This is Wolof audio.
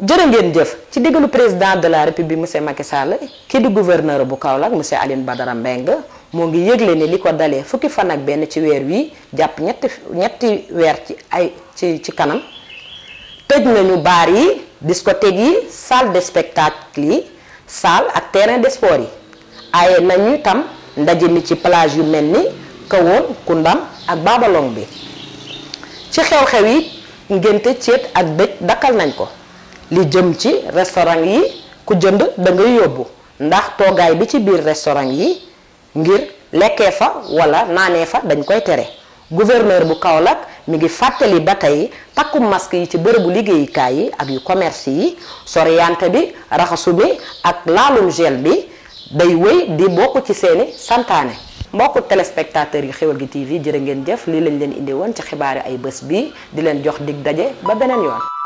jërë ngeen jëf ci diggalu président de la république monsieur Macky Sall kii di gouverneur bu Kaolack monsieur Aline Badara Mbengue moo ngi yëgle ni li ko dalee fukki fan ak benn ci weer wii jàpp ñetti ñetti weer ci ay ci ci kanam tëj nañu baar yi discothèque yi salle de spectacle yi salle ak terrain de sport yi aaye nañu tam ndaje mi ci plage yu mel ni Kahone Koundam ak Babalong bi ci xew-xew yi ngénte ceet ak dëj dakkal nañ ko li jëm ci restaurant yi ku jënd da ngay yóbbu ndax toogaay bi ci biir restaurant yi ngir lekkee fa wala naanee fa dañ koy tere gouverneur bu kaw Kaolack mi ngi fàttali ba tey takku masque yi ci bërëbu liggéeyukaay yi ak yu commerce yi soriyante bi raxasu bi ak laalum gel bi day wéy di bokk ci seeni santaane mbokk téléspectateurs yi Xeweul gi TV jërë ngeen jëf lii lañ leen indi woon xibaar xibaari ay bés bi di leen jox dig daje ba beneen yoon